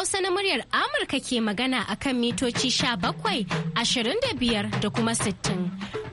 Hausa na muryar Amurka ke magana akan mitoci 17, 25 da kuma sittin.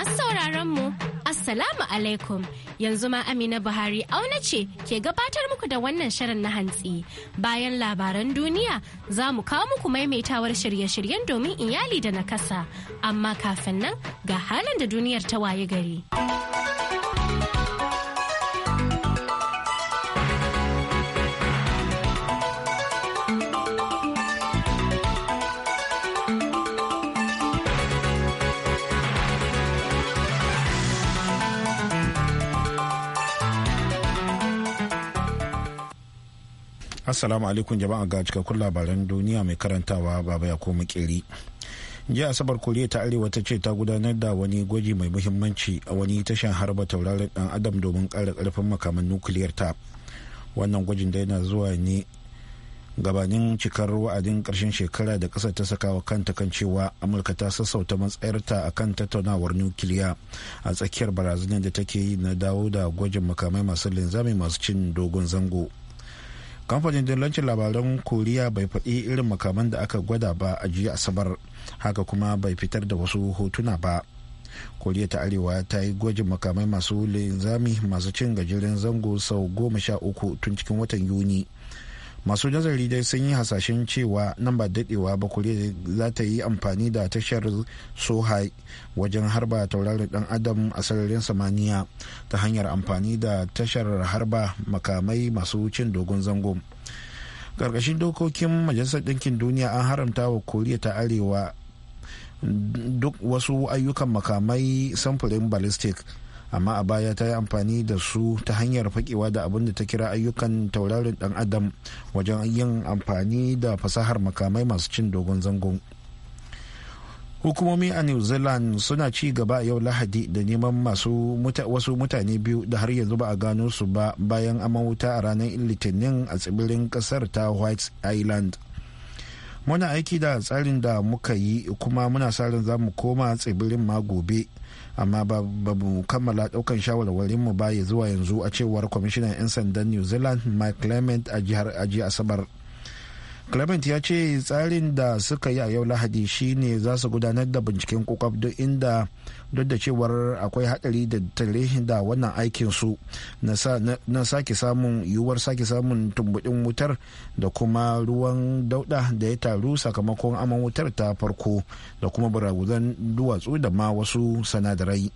Masu sauraron mu, Assalamu alaikum. Yanzu ma Amina Buhari auna ce ke gabatar muku da wannan shirin na hantsi. Bayan labaran duniya, za mu kawo muku maimaitawar shirye-shiryen domin iyali da nakasa. Amma kafin nan ga halin da duniyar ta waye gari. Assalamu alaikum jama'a ga cikakkun labaran duniya mai karantawa baba ya koma kiri. jiya asabar koriya ta arewa ta ce ta gudanar da wani gwaji mai muhimmanci a wani tashan harba tauraron dan adam domin kara karfin makaman nukiliyar ta wannan gwajin da yana zuwa ne gabanin cikar wa'adin karshen shekara da kasar ta saka wa kanta kan cewa amurka ta sassauta matsayarta a kan tattaunawar nukiliya a tsakiyar barazanar da take yi na dawo da gwajin makamai masu linzami masu cin dogon zango kamfanin dillancin labaran koriya bai faɗi irin makaman da aka gwada ba a jiya asabar haka kuma bai fitar da wasu hotuna ba koriya ta arewa ta yi gwajin makamai masu linzami masu cin gajeren zango sau goma sha uku tun cikin watan yuni masu nazari dai sun yi hasashen cewa nan ba daɗewa ba koriya za ta yi amfani da tashar sohai wajen harba tauraron dan adam a sararin samaniya ta hanyar amfani da tashar harba makamai masu cin dogon zango ƙarƙashin dokokin majalisar ɗinkin duniya an haramta wa koriya ta arewa duk wasu ayyukan makamai samfurin ballistic amma a baya ta yi amfani da su ta hanyar fakewa da abin da ta kira ayyukan taurarin dan adam wajen yin amfani da fasahar makamai masu cin dogon zango hukumomi a new zealand suna ci gaba yau lahadi da neman masu wasu mutane biyu da har yanzu ba a gano su ba bayan aman wuta a ranar litinin a tsibirin kasar ta white island muna aiki da tsarin da muka yi kuma muna sa ran za mu koma tsibirin ma gobe amma ba mu kammala daukan shawarwarin mu baya zuwa yanzu a cewar kwamishinan 'yan sandan new zealand mike clement a jihar aji asabar clement ya ce tsarin da suka yi a yau lahadi shine za su gudanar da binciken kokaf duk inda duk da cewar akwai hadari da tare da wannan aikin su na sake samun yiwuwar sake samun tumbudin wutar da kuma ruwan dauda da ya taru sakamakon aman wutar ta farko da kuma baraguzan duwatsu da ma wasu sanadarai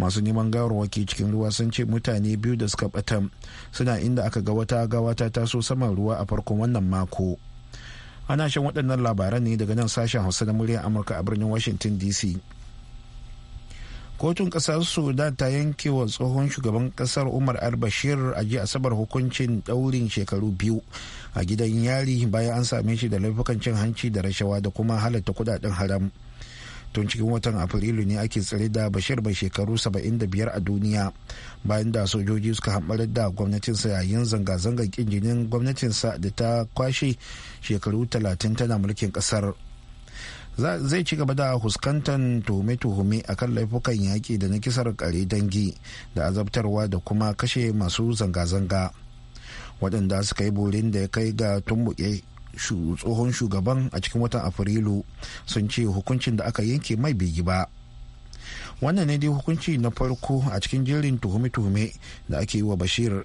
masu neman gawarwaki cikin ruwa sun ce mutane biyu da suka bata suna inda aka ga wata gawata ta so saman ruwa a farkon wannan mako ana shan waɗannan labaran ne daga nan sashen hausa na muryar amurka a birnin washington dc kotun kasar sudan ta yanke wa tsohon shugaban kasar umar al-bashir a ji asabar hukuncin daurin shekaru biyu a gidan yari bayan an same shi da laifukan cin hanci da rashawa da kuma halatta kudaden haram tun cikin watan afrilu ne ake tsare da bashir mai shekaru 75 a duniya bayan da sojoji suka hamar da gwamnatinsa yayin zanga-zangar kin jinin gwamnatinsa da ta kwashe shekaru 30 tana mulkin kasar. zai ci gaba da huskantan tuhume-tuhume a kan laifukan yaƙi da na kisar kare dangi da azabtarwa da kuma kashe masu zanga-zanga waɗanda suka yi burin da ya kai ga tumbuke tsohon shugaban a cikin watan afrilu sun ce hukuncin da aka yanke mai bigi ba wannan ne dai hukunci na farko a cikin jirin tuhume-tuhume da ake yi wa bashir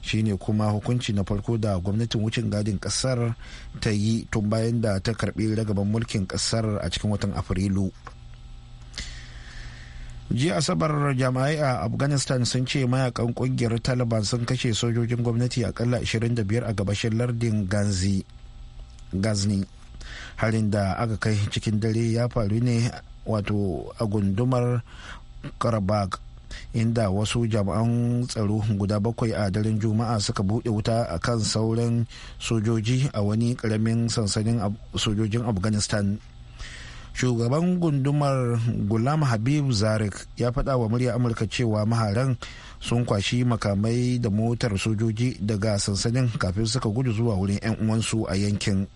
shine kuma hukunci na farko da gwamnatin wucin gadin kasar ta yi tun bayan da ta karbi ragaban mulkin kasar a cikin watan afrilu jiya asabar jama'ai a afghanistan sun ce mayakan kungiyar taliban sun kashe sojojin gwamnati akalla 25 a gabashin lardin gazni harin da aka kai cikin dare ya faru ne wato a gundumar karabag inda wasu jami'an tsaro guda bakwai a daren juma'a suka buɗe wuta a kan sauran sojoji a wani ƙaramin sansanin sojojin afghanistan shugaban gundumar gulam habib zarik ya faɗa wa murya amurka cewa maharan sun kwashi makamai da motar sojoji daga sansanin kafin suka gudu zuwa wurin 'yan uwansu a yankin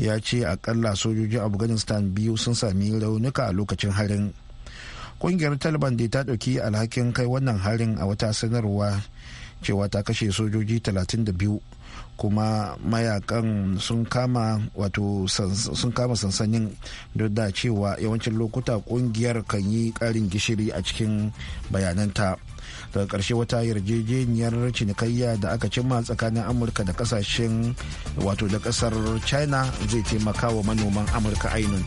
ya ce akalla sojojin afghanistan biyu sun sami raunuka a lokacin harin kungiyar taliban da ta dauki alhakin kai wannan harin a wata sanarwa cewa ta kashe sojoji 32 kuma mayakan sun kama sansanin duk da cewa yawancin lokuta kungiyar kan yi karin gishiri a cikin bayananta daga karshe wata yarjejeniyar cinikayya da aka cimma tsakanin amurka da kasashen wato da kasar china zai taimaka wa manoman amurka ainihin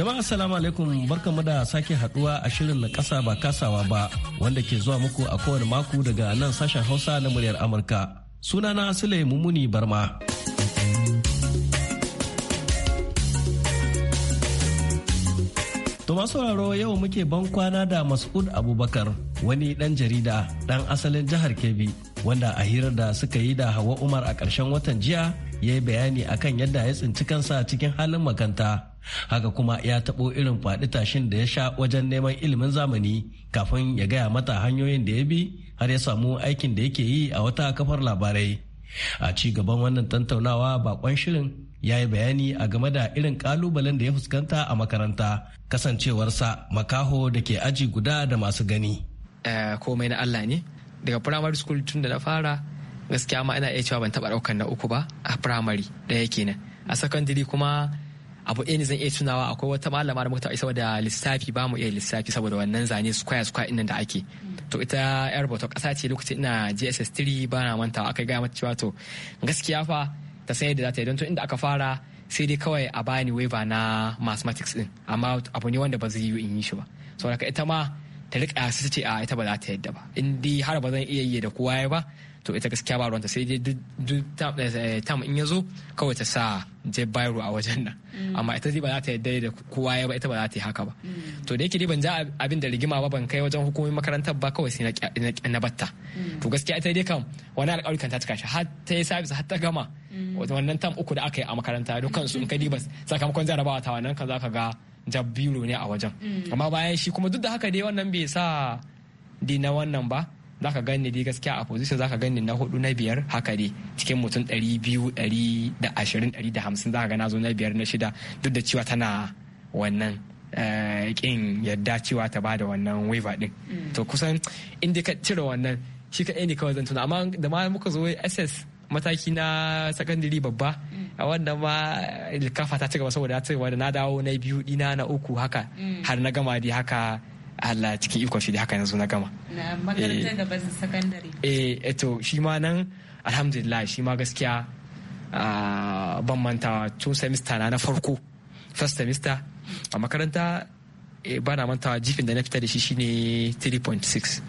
Jama'a salamu alaikum barka da sake haduwa a shirin na kasa ba kasawa ba wanda ke zuwa muku a kowane mako daga nan sashen Hausa na muryar Amurka. Sunana Sule Mumuni Barma. To masu sauraro yau muke ban kwana da Mas'ud Abubakar wani dan jarida dan asalin jihar Kebbi wanda a hirar da suka yi da Hawa Umar a ƙarshen watan jiya ya yi bayani akan yadda ya tsinci kansa cikin halin makanta haka kuma ya taɓo irin faɗi tashin da ya sha wajen neman ilimin zamani kafin ya gaya mata hanyoyin da ya bi har ya samu aikin da yake yi a wata kafar labarai a ci gaban wannan tantaunawa bakon shirin ya yi bayani a game da irin kalubalen da ya fuskanta a makaranta kasancewarsa makaho da ke aji guda da masu gani eh, komai na allah ne daga primary school tun da na fara gaskiya ma ina iya cewa ban taɓa ɗaukan na uku ba a primary da yake kenan a secondary kuma abu ɗaya ne zan iya tunawa akwai wata malama da muka taɓa saboda lissafi ba mu iya lissafi saboda wannan zane square square ɗin da ake to ita yar bauta ƙasa ce lokacin ina JSS 3 ba na mantawa aka gaya mata cewa to gaskiya fa ta san yadda za ta yi don to inda aka fara sai dai kawai a bani waiva na mathematics ɗin amma abu ne wanda ba zai yi in yi shi ba saboda ita ma ta riƙa su ce a ita ba za ta yadda ba in dai har ba zan iya yi da kowa ya ba to ita gaskiya ba ruwanta sai dai duk eh, eh, tam in ya zo kawai ta sa je a wajen nan mm. amma ita ba za ta yadda da kowa ya ba ita ba za ta yi haka ba mm. to da yake dai ban ja abin da rigima ba ban kai wajen hukumomin makarantar ba kawai sai na batta mm. to gaskiya ita dai kam wani alƙawari kan ta cika shi har ta yi sabis har ta gama wannan tam uku da aka yi a makaranta dukkan su in ka diba sakamakon jarabawa ta wannan kan za ka ga jab biro ne a wajen amma bayan shi kuma duk da haka dai wannan bai sa dina wannan ba za ka gani dai gaskiya a position za ka gani na hudu na biyar haka dai cikin mutum ɗari biyu ɗari da ashirin ɗari da hamsin za ka gana zo na biyar na shida duk da cewa tana wannan kin eh, yadda cewa ta bada wannan waiver din mm. to kusan in ka cire wannan shi kaɗai ne kawai zan tuna amma da ma muka zo ss mataki na sakandiri babba mm. a wanda ma kafa ta ci gaba saboda ta da na dawo na biyu dina na uku haka mm. har na gama dai haka Allah cikin ikon shi da haka yanzu na gama na makarantar gaba eh. sakandare eh, eh shi nan alhamdulillah shi gaskiya ah, ban manta tun semester na farko first semester a makaranta ba na mantawa jifin da na fita da shi shine 3.6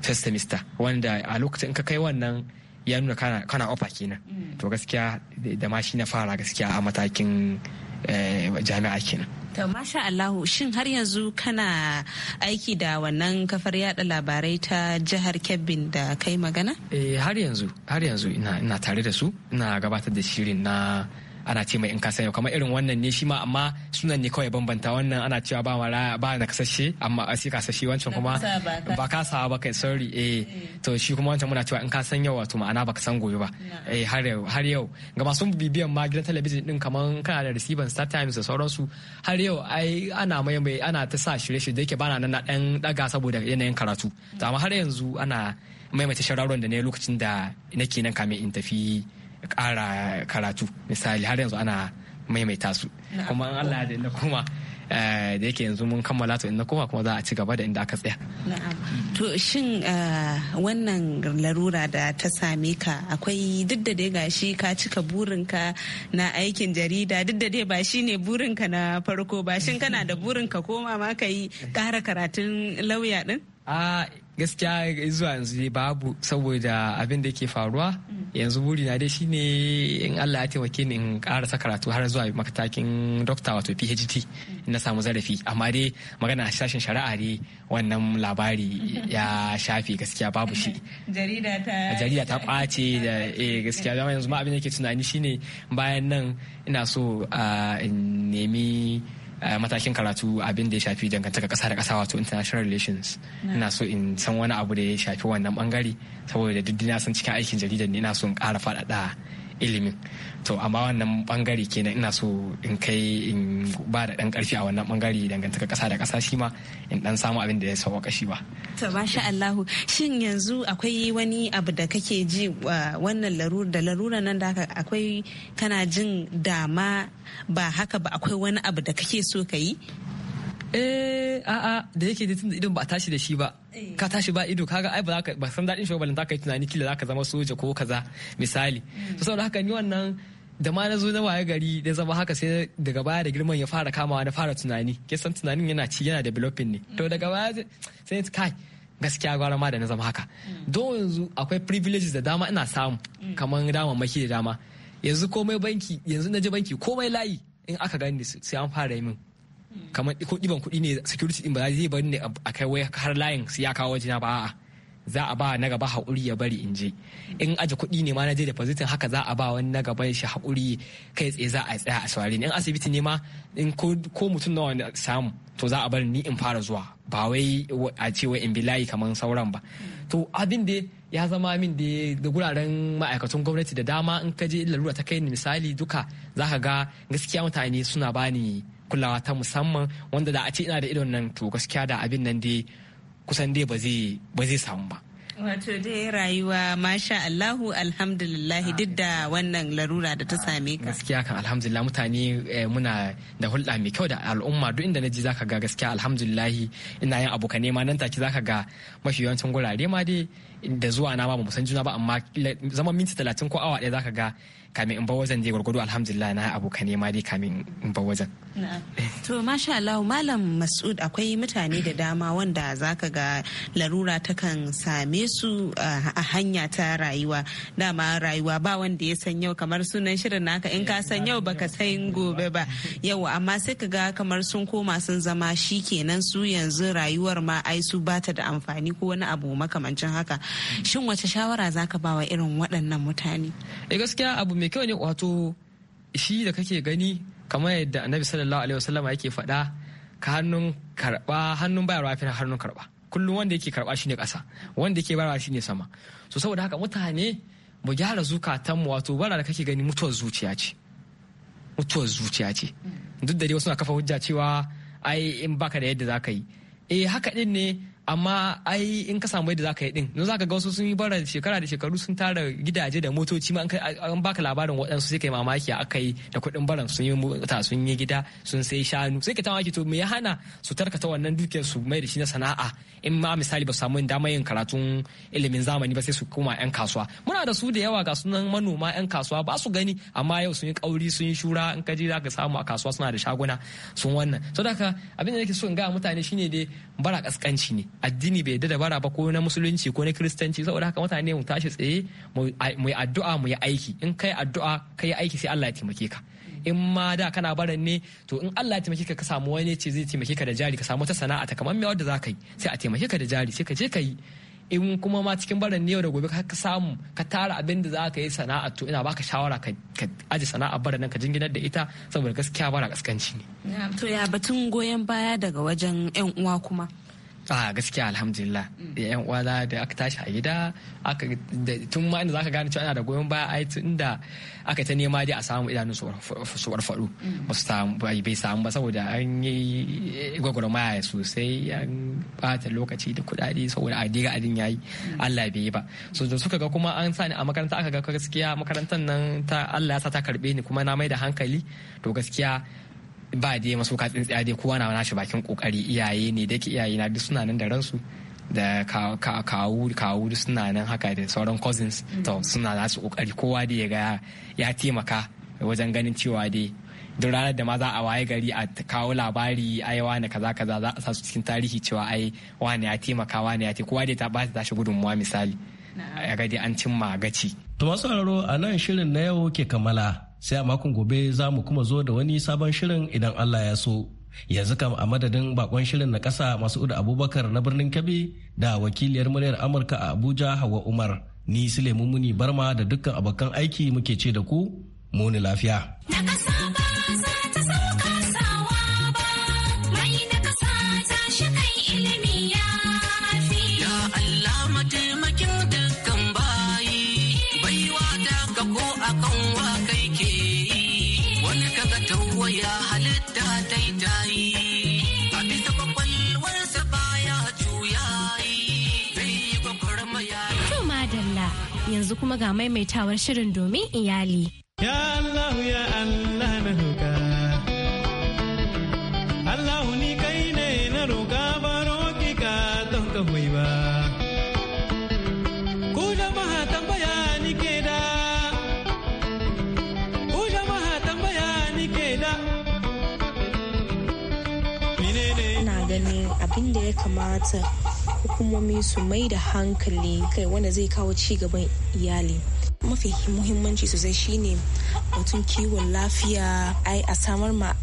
first semester wanda a lokacin ka kai wannan ya nuna kana ofa kenan mm. to gaskiya da ma shi na fara gaskiya a matakin Eh, jami'a kenan To masha Allahu shin har yanzu kana aiki da wannan kafar yada labarai ta jihar Kebbin da kai magana? Eh har yanzu har yanzu ina, ina tare da su ina gabatar da shirin na ana ce mai in ka sanya kamar irin wannan ne shi ma amma sunan ne kawai bambanta wannan ana cewa ba mara ba na kasashe amma a sai kasashe wancan kuma ba ka sa ba kai sorry eh mm. to shi kuma wancan muna cewa in ka san yau wato ma'ana baka san gobe ba eh har yau har yau ga masu bibiyan ma gidan talabijin din kamar kana da receiver star times da sauransu har yau ai ana mai mai ana ta sa shirye-shirye da yake bana nan na dan daga saboda yanayin karatu to amma har yanzu ana maimaita shararwar da ne lokacin da nake nan kamin in tafi ƙara karatu misali har yanzu ana maimaita su kuma an Allah da na eh, da yake yanzu mun kammala to na kuma kuma za a ci gaba da inda aka tsaya. To shin eh, wannan larura da ta same ka akwai duk da dai gashi ka cika burinka na aikin jarida duk da dai ba shi ne burinka na farko ba shin kana da burinka koma ma ka yi ƙara karatun lauya din? Ah, gaskiya zuwa yanzu babu saboda abin da ke faruwa yanzu buri na dai shine in Allah ya taimake ni in karasa karatu har zuwa matakin dokta wato PhD na samu zarafi amma dai magana a sashen shari'a ne wannan labari ya shafi gaskiya babu shi jarida ta kwace da eh, gaskiya yanzu ma abin da ke tunani shine bayan nan ina so a ah, nemi matakin karatu abin da ya shafi dangantaka kasa da kasa wato international relations ina so in san wani abu da ya shafi wannan bangare saboda duk na san cikin aikin jaridar ne ina so in ƙara faɗaɗa ilimin to amma wannan bangare kenan ina so in kai in ba da dan karfi a wannan bangare dangantaka kasa da kasa shi ma in dan samu abin da ya sauka shi ba to masha Allahu shin yanzu akwai wani abu da kake ji wannan larura da larura nan da akwai kana jin dama ba haka ba akwai wani abu da kake so ka yi eh a'a da yake da tunda idon ba a tashi da shi ba eh. ka tashi ba ido kaga ai ba za ka ba san dadin shi ba balanta kai tunani kila za zama soja ko kaza misali to mm. saboda haka ni wannan da ma na zo na waye gari da zama haka sai daga baya da girman ya fara kamawa na fara tunani ke san tunanin yana ci yana developing ne to daga baya sai kai gaskiya gwara ma da na zama haka mm. don yanzu akwai privileges da dama ina samu mm. kamar damammaki da dama yanzu komai banki yanzu na je banki komai layi in aka gani sai an fara yi min kamar ko ɗiban kuɗi ne security din ba zai bari ne a kai wai har layin su ya kawo wajena ba a'a za a ba na gaba haƙuri ya bari in je in aje kuɗi ne ma na je depositin haka za a ba wani na gaba shi haƙuri kai tsaye za a tsaya a saurari in asibiti ne ma in ko mutum nawa na samu to za a bari ni in fara zuwa ba wai a ce wai in bi layi kamar sauran ba to abin da ya zama min da guraren ma'aikatan gwamnati da dama in ka je lalura ta kai ni misali duka za ka ga gaskiya mutane suna bani kulawa ta musamman wanda da a ce ina da idon nan to gaskiya da abin nan dai kusan dai ba zai samu ba Wato dai rayuwa masha Allahu alhamdulillahi duk da wannan larura da ta same ka. Gaskiya kan alhamdulillah mutane eh, muna da hulɗa mai kyau da al'umma duk inda naji zaka ga gaskiya alhamdulillahi ina yin abu ka nema nan take zaka ga mafi yawancin gurare ma dai da zuwa na ma ba mu san juna ba amma zaman minti talatin ko awa ɗaya zaka ga kamin in wajen je gwargwado alhamdulillah na ka nema dai kamin in wajen. to masha Allah malam Masud akwai mutane da dama wanda zaka ga larura takan same su ah, a hanya ta rayuwa dama rayuwa ba wanda ya san yau kamar sunan shirin naka in ka san yau baka san gobe ba yau amma sai ka ga kamar sun koma sun zama shi kenan su yanzu rayuwar ma ai su bata da amfani ko wani abu makamancin haka shin wace shawara zaka ba wa irin waɗannan mutane eh, gaskiya abu mai kyau ne wato shi da kake gani kamar yadda annabi sallallahu alaihi wasallama yake faɗa ka hannun karɓa hannun bayarwa fi hannun karɓa kullum wanda yake karɓa shine ƙasa wanda yake bayarwa shine sama so saboda haka mutane mu gyara zukatanmu wato bara da kake gani mutuwar zuciya ce mutuwar zuciya ce duk da dai wasu na kafa hujja cewa ai in baka da yadda za ka yi eh haka din ne amma ai in ka samu yadda ka yi din za ka ga wasu sun yi bara shekara da shekaru sun tara gidaje da motoci ma an baka labarin waɗansu sai kai mamaki aka yi da kuɗin baran sun yi mota sun yi gida sun sai shanu sai ka ta to me ya hana su tarkata wannan dukiyar su mai da shi na sana'a in ma misali ba su samu damar yin karatun ilimin zamani ba sai su koma yan kasuwa muna da su da yawa ga sunan manoma yan kasuwa ba su gani amma yau sun yi kauri sun yi shura in ka ji ka samu a kasuwa suna da shaguna sun wannan saboda haka abin da nake so in ga mutane shine dai bara kaskanci ne addini bai yarda da bara ba ko na musulunci ko na kiristanci saboda haka mutane mu tashi tsaye mu yi addu'a mu yi aiki in kai addu'a kai aiki sai Allah ya taimake ka in ma da kana barin ne to in Allah ya taimake ka ka samu wani ce zai taimake ka da jari ka samu ta sana'a ta kamar me wanda za yi sai a taimake ka da jari sai ka je ka yi in kuma ma cikin barin ne yau da gobe ka samu ka tara abin da za ka yi sana'a to ina baka shawara ka ajiye sana'a barin nan ka jinginar da ita saboda gaskiya bara kaskanci ne. to ya batun goyon baya daga wajen 'yan uwa kuma. a ah, gaskiya alhamdulillah mm. yan uwa da aka tashi a gida tun ma inda ka gane cewa ana da goyon baya yi tun da aka ta nema dai a samu idanu su warfaɗu mm. ba su samu bai samu ba saboda an yi gwagwarmaya sosai an bata lokaci da kuɗaɗe saboda a diga adin yayi mm. Allah bai yi ba so da suka ga kuma an sa ni a makaranta aka ga gaskiya makarantar nan ta Allah ya sa ta karbe ni kuma na mai da hankali to gaskiya ba dai masu ka tsintsiya dai kowa na nashi bakin kokari iyaye ne da ke iyaye na duk suna nan da ransu da kawu kawu suna nan haka da sauran cousins to suna nasu kokari kowa dai ya ga ya taimaka wajen ganin cewa dai duk ranar da ma za a waye gari a kawo labari ai wani kaza kaza za a sa su cikin tarihi cewa ai wani ya taimaka wani ya taimaka kowa dai ta ba ta shi gudunmuwa misali a ga dai an cimma gaci. to masu a nan shirin na yau ke kammala sai a makon gobe za mu kuma zo da wani sabon shirin idan Allah ya so. Yanzu kam a madadin bakon shirin na ƙasa udu Abubakar na birnin kabi da wakiliyar muryar Amurka a Abuja Hawa Umar. Ni Sule Muni Barma da dukkan abokan aiki muke ce da ku, muni lafiya. Na kuma ga maimaitawar shirin domin iyali. Ya Allah ya Allah. abin ya kamata hukumomi su mai da hankali kai wanda zai kawo ci gaban iyali mafi muhimmanci sosai shine batun kiwon lafiya ai a samar ma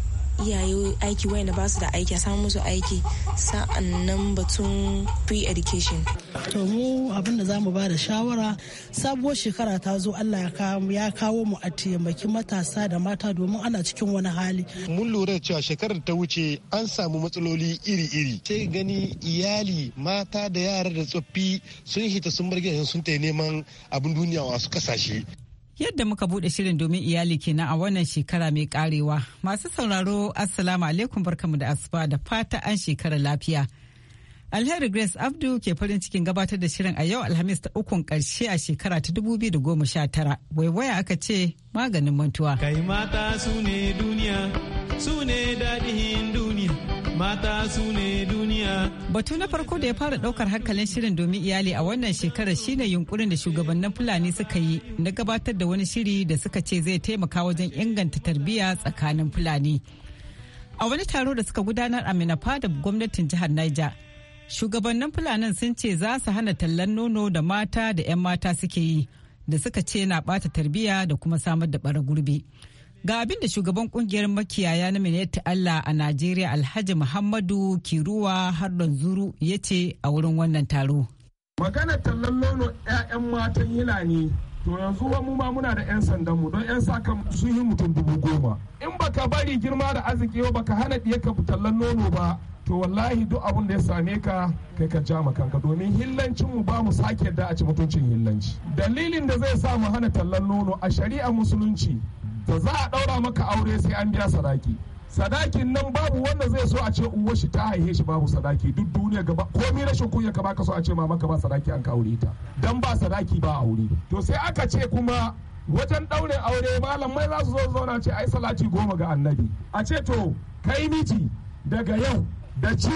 iyaye aiki wayanda ba su da aiki a samu musu aiki sa'annan batun free education to mu abin da zamu ba da shawara sabuwar shekara ta zo Allah ya kawo mu a taimaki matasa da mata domin ana cikin wani hali mun lura cewa shekarar ta wuce an samu matsaloli iri-iri sai gani iyali mata da yara da tsoffi sun hita sun bar gidajen sun ta neman abin duniya wasu kasashe Yadda muka bude shirin domin iyali kenan a wannan shekara mai karewa. Masu sauraro Assalamu alaikum barkamu da asuba da fata an shekara lafiya. Alheri Grace Abdu ke farin cikin gabatar da shirin a yau Alhamis ta ukun karshe a shekara ta 2019. Waiwaya aka ce maganin mantuwa. Kai mata su ne duniya, su ne daɗin mata su ne duniya. Batu na farko da ya fara daukar hankalin shirin domin iyali a wannan shekarar shine yunkurin da shugabannin Fulani suka yi na gabatar da wani shiri da suka ce zai taimaka wajen inganta tarbiyya tsakanin Fulani. A wani taro da suka gudanar a Minafa da gwamnatin jihar Niger, shugabannin Fulanin sun ce za su hana tallan nono da mata da 'yan mata suke yi da suka ce na bata tarbiyya da kuma samar da bara gurbi. Ga abin da shugaban kungiyar makiyaya na Miniyar Allah a Najeriya Alhaji Muhammadu Kiruwa Hardon Zuru ya ce a wurin wannan taro. Magana tallan nono 'ya'yan matan yana ne to yanzu mu ma muna da 'yan sandan mu don 'yan kan sun yi mutum dubu goma. In baka bari girma da arziki ba baka hana ɗiye ka tallan nono ba to wallahi duk abin da ya same ka kai ka ja kanka domin hillancin mu ba mu sake da a ci mutuncin hillanci dalilin da zai sa mu hana tallan nono a shari'a musulunci da za a ɗaura maka aure sai an biya sadaki sadakin nan babu wanda zai so a ce uwa shi ta haihe shi babu sadaki duk duniya gaba ko mi rashin kunya ka baka so a ce mama ba sadaki an ka aure ta dan ba sadaki ba aure to sai aka ce kuma wajen ɗaure aure malamai za su zo zauna ce ai salati goma ga annabi a ce to kai miji daga yau da ci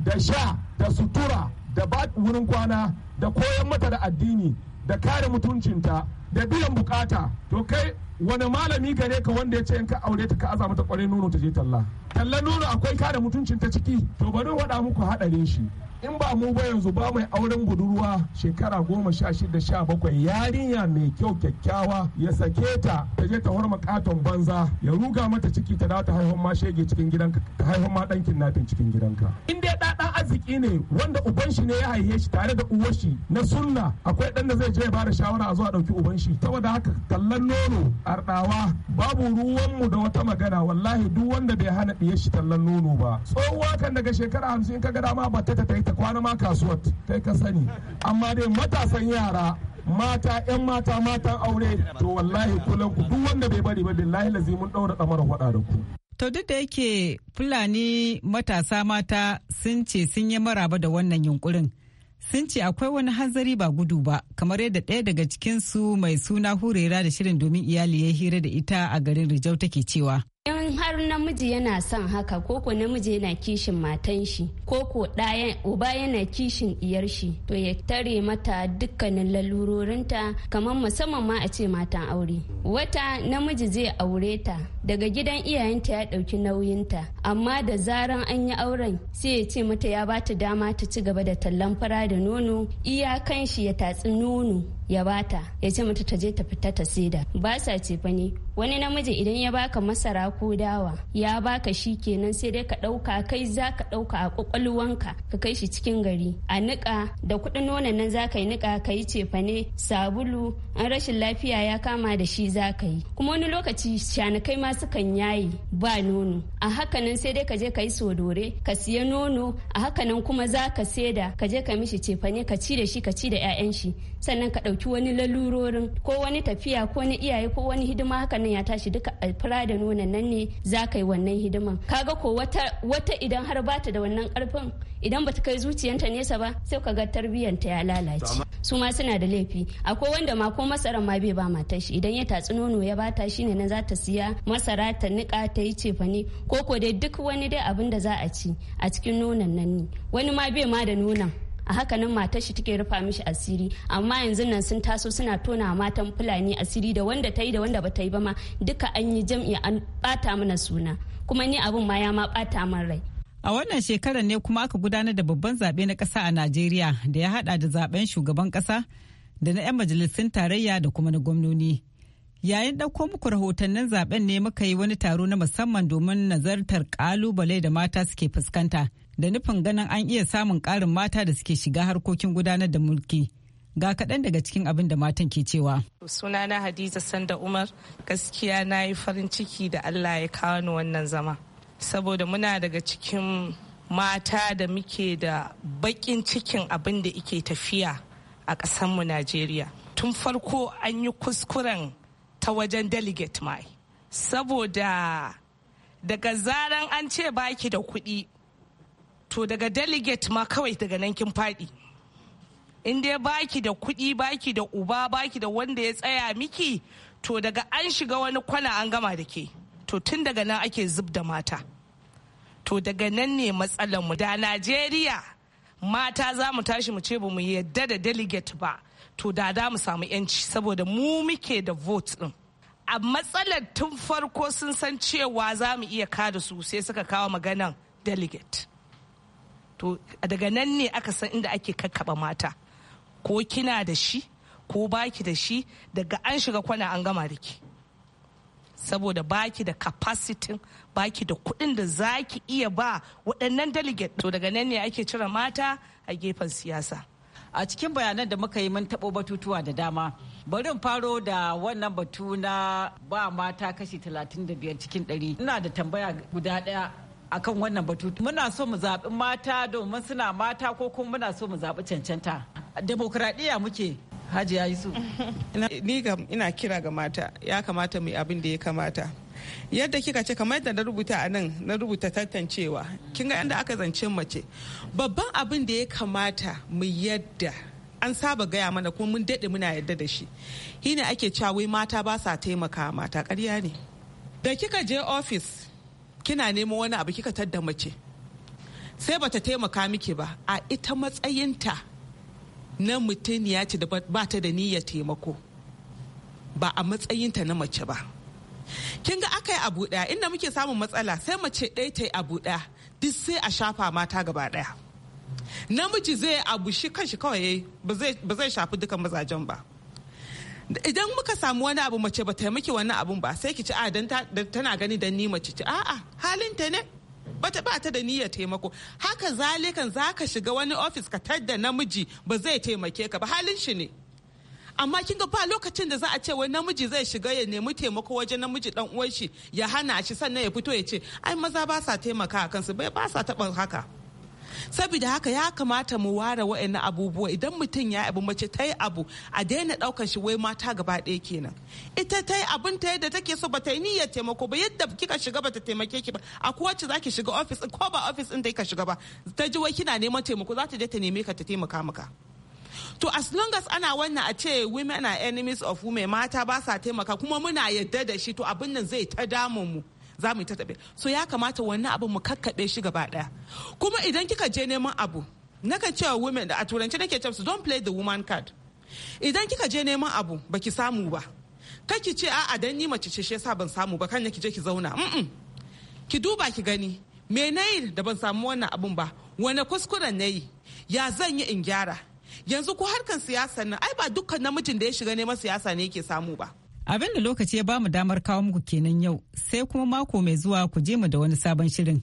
da sha da sutura da ba wurin kwana da koyan mata da addini da kare mutuncinta da biyan bukata to kai wani malami gare ka wanda ya ce in ka aure ta ka aza mata kwarai nono ta je talla talla nono akwai kare mutuncin ta ciki to bari waɗa muku haɗarin shi in ba mu ba yanzu ba mai auren budurwa shekara goma sha shida sha bakwai yarinya mai kyau kyakkyawa ya sake ta ta je ta horma katon banza ya ruga mata ciki ta dawo ta haihuwa ma shege cikin gidanka ta haihuwa ma kidnapping cikin gidanka in dai da arziki ne wanda uban shi ne ya haihe shi tare da uwar shi na sunna akwai dan da zai je ya bada shawara a zuwa dauki uban shi ta haka kallon nono arɗawa babu ruwanmu da wata magana wallahi duk wanda bai hana ɗiyar shi tallan nono ba tsohuwa kan daga shekara hamsin ka ga dama ba ta ta kwana ma kasuwar kai ka sani amma dai matasan yara mata yan mata matan aure to wallahi kullum ku duk wanda bai bari ba billahi lazi mun daura damar hada da ku to duk da yake fulani matasa mata sun ce sun yi maraba da wannan yunkurin sun ce akwai wani hanzari ba gudu ba kamar yadda ɗaya daga cikinsu mai suna hurera da shirin domin iyali ya hira da ita a garin rijau take cewa in har namiji yana son haka koko namiji yana kishin matan shi koko ɗaya uba yana kishin ɗiyar shi to ya tare mata dukkanin lalurorinta kamar musamman ma a ce matan aure wata namiji zai aure ta daga gidan iyayenta ya ɗauki nauyinta amma da zaran an yi auren sai ya ce mata ya ba ta dama ta ci gaba da tallan fara da nono iyakan shi ya tatsi nono ya bata ya ce mata ta je ta fita ta saida ba sa ce fa ne wani namiji idan ya baka masara ko dawa ya baka shi kenan sai dai ka ɗauka kai za ka ɗauka a ƙwaƙwalwanka ka kai shi cikin gari a niƙa da kuɗin nonon nan za ka yi niƙa ka yi cefane sabulu an rashin lafiya ya kama da shi za ka yi kuma wani lokaci shanakai ma sukan yayi ba nono a hakanan sai dai ka je ka yi sodore ka siya nono a hakanan kuma za ka saida ka je ka mishi cefane ka ci da shi ka ci da 'ya'yan shi sannan ka ɗauki wani lalurorin ko wani tafiya ko wani iyaye ko wani hidima nan ya tashi duka alfura da nonon nan nan ne za ka yi wannan hidiman kaga ko wata idan har bata da wannan karfin idan ba ta kai zuciyanta nesa ba sai ka ga tarbiyyanta ya lalace su ma suna da laifi akwai wanda ma ko masara ma bai ba matar shi idan ya tatsi nono ya bata shi ne na za ta siya masara ta nika ta yi cefane ko ko dai duk wani dai abin da za a ci a cikin nonon nan ne wani ma bai ma da nonon a hakanan matar shi take rufa mishi asiri amma yanzu nan sun taso suna tona matan fulani asiri da wanda ta yi da wanda bata yi ba ma duka an yi jam'i an bata mana suna kuma ni abin ma ya ma bata min rai a wannan shekarar ne kuma aka gudanar da babban zaɓe na kasa a najeriya da ya haɗa da zaɓen shugaban ƙasa da na 'yan majalisun tarayya da kuma na gwamnoni yayin ɗauko muku rahotannin zaben ne muka yi wani taro na musamman domin nazartar ƙalubale da mata suke fuskanta. da nufin ganin an iya samun ƙarin mata da suke shiga harkokin gudanar da mulki. Ga kaɗan daga cikin abin da matan ke cewa. suna na Hadiza Sanda Umar gaskiya na yi farin ciki da Allah ya kawo ni wannan zama. Saboda muna daga cikin mata da muke da baƙin cikin abin da ike tafiya a ƙasanmu Najeriya. Tun farko an yi kuskuren ta wajen delegate mai. Saboda daga zaran an ce baki da kuɗi to daga delegate ma kawai daga nan kin faɗi in dai baki da kuɗi baki da uba baki da wanda ya tsaya miki to daga an shiga wani kwana an gama da ke to tun daga nan ake zub da mata to daga nan ne mu da najeriya mata za mu tashi mu ce ba mu yadda da delegate ba to da da mu samu yanci saboda mu muke da vote din a matsalar tun farko sun san cewa za mu iya kada su sai suka kawo maganan delegate to daga nan ne aka san inda ake kakkaba mata ko kina da shi ko baki da shi daga an shiga kwana an gama da ke saboda baki da capacity baki da kuɗin da zaki iya ba waɗannan delegate to daga nan ne ake cire mata a gefen siyasa a cikin bayanan da muka yi mun taɓo batutuwa da dama bari in faro da wannan batu na ba mata kashi 35 cikin 100 ina da tambaya guda ɗaya akan wannan batu muna so mu zaɓi mata domin suna mata ko kuma muna so mu zaɓi cancanta demokradiyya muke Haji yi yusuf ni ga ina kira ga mata ya kamata mu abin da ya kamata yadda kika ce kamar yadda na rubuta a nan na rubuta tantancewa kin ga yadda aka zance mace babban abin da ya kamata mu yadda an saba gaya mana kuma mun daɗe muna yadda da shi shine ake cewa wai mata ba sa taimaka mata karya ne da kika je ofis kina neman wani abu kika tadda mace sai bata taimaka miki ba a ita matsayinta na ya ce da ba ta da niyyar taimako ba a matsayinta na mace ba kin ga aka yi abu daya inda muke samun matsala sai mace ɗaya ta yi abu daya duk sai a shafa mata gaba daya namiji zai abu shi kanshi kawai ba zai shafi dukan mazajen ba idan muka samu wani abu mace ba ta miki wannan abun ba sai ki ci ah, a dan tana gani dan ni mace ci a'a halinta ne bata ba ta da niyyar taimako haka zalikan zaka shiga wani ofis ka tadda namiji ba zai taimake ka ba halin shi ne amma kin ga ba lokacin da za a ce wai namiji zai shiga ya nemi taimako wajen namiji dan uwan shi ya hana shi sannan ya fito ya ce ai maza ba sa taimaka kansu bai ba sa taba haka saboda haka ya kamata mu ware wa'annan abubuwa idan mutum ya abu mace ta yi abu a daina ɗaukar shi wai mata gaba ɗaya kenan ita ta yi abin ta yadda take so bata yi niyyar taimako ba yadda kika shiga bata taimake ki ba a kowace zaki shiga ofis ko ba ofis ɗin da ka shiga ba ta ji wai kina neman taimako za ta je ta neme ka ta taimaka maka to as long as ana wannan a ce women are enemies of women mata ba sa taimaka kuma muna yadda da shi to abin nan zai ta damun mu za mu yi ta tabe so ya kamata wani abu mu kakkaɓe shi gaba ɗaya kuma idan kika je neman abu nakan cewa women da a turanci nake cewa don play the woman card idan kika je neman abu baki samu ba kaki ce a'a dan ni mace ce shi yasa ban samu ba kan ki je ki zauna ki duba ki gani me nayi da ban samu wannan abun ba wane kuskuren nayi ya zan yi in gyara yanzu ko harkan siyasa nan ai ba dukkan namijin da ya shiga neman siyasa ne yake samu ba Abin da lokaci ya ba mu damar kawo muku kenan yau sai kuma mako mai zuwa ku je mu da wani sabon shirin.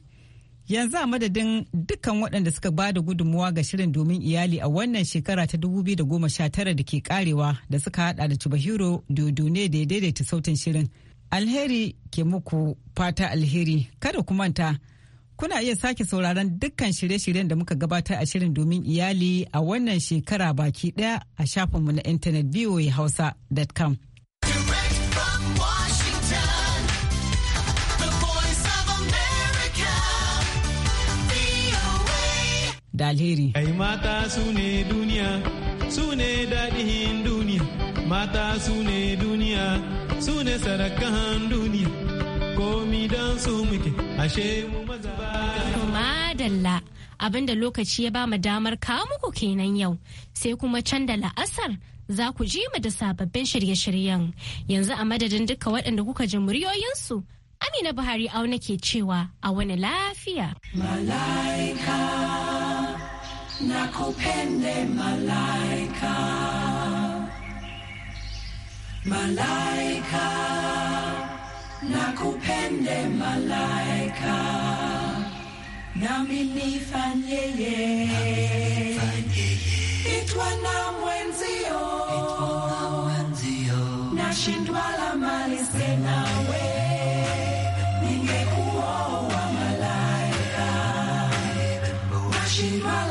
Yanzu a madadin dukkan waɗanda suka ba da gudunmuwa ga shirin domin iyali a wannan shekara ta 2019 da ke karewa da suka hada da dodo Dodone da ya daidaita sautin shirin. Alheri ke muku fata alheri kada ku manta. Kuna iya sake sauraron dukkan shirye-shiryen da muka gabatar a shirin domin iyali a wannan shekara baki ɗaya a shafinmu na intanet voahausa.com. da alheri. Ai mata su ne duniya, su ne daɗin duniya, mata su ne duniya, su ne sarakan duniya, komi don su muke, ashe mu maza ba. abin da lokaci ya ba mu damar kawo muku kenan yau, sai kuma can da la'asar za ku ji mu da sababbin shirye-shiryen. Yanzu a madadin duka waɗanda kuka ji muryoyinsu, Amina Buhari auna ke cewa a wani lafiya. Malaika. nakupende malaika, malaika, nakupende malaika, nami nifanyeye itwa na mwenzio, nashindwa la mali sena we ningekuoa malaika, nashindwa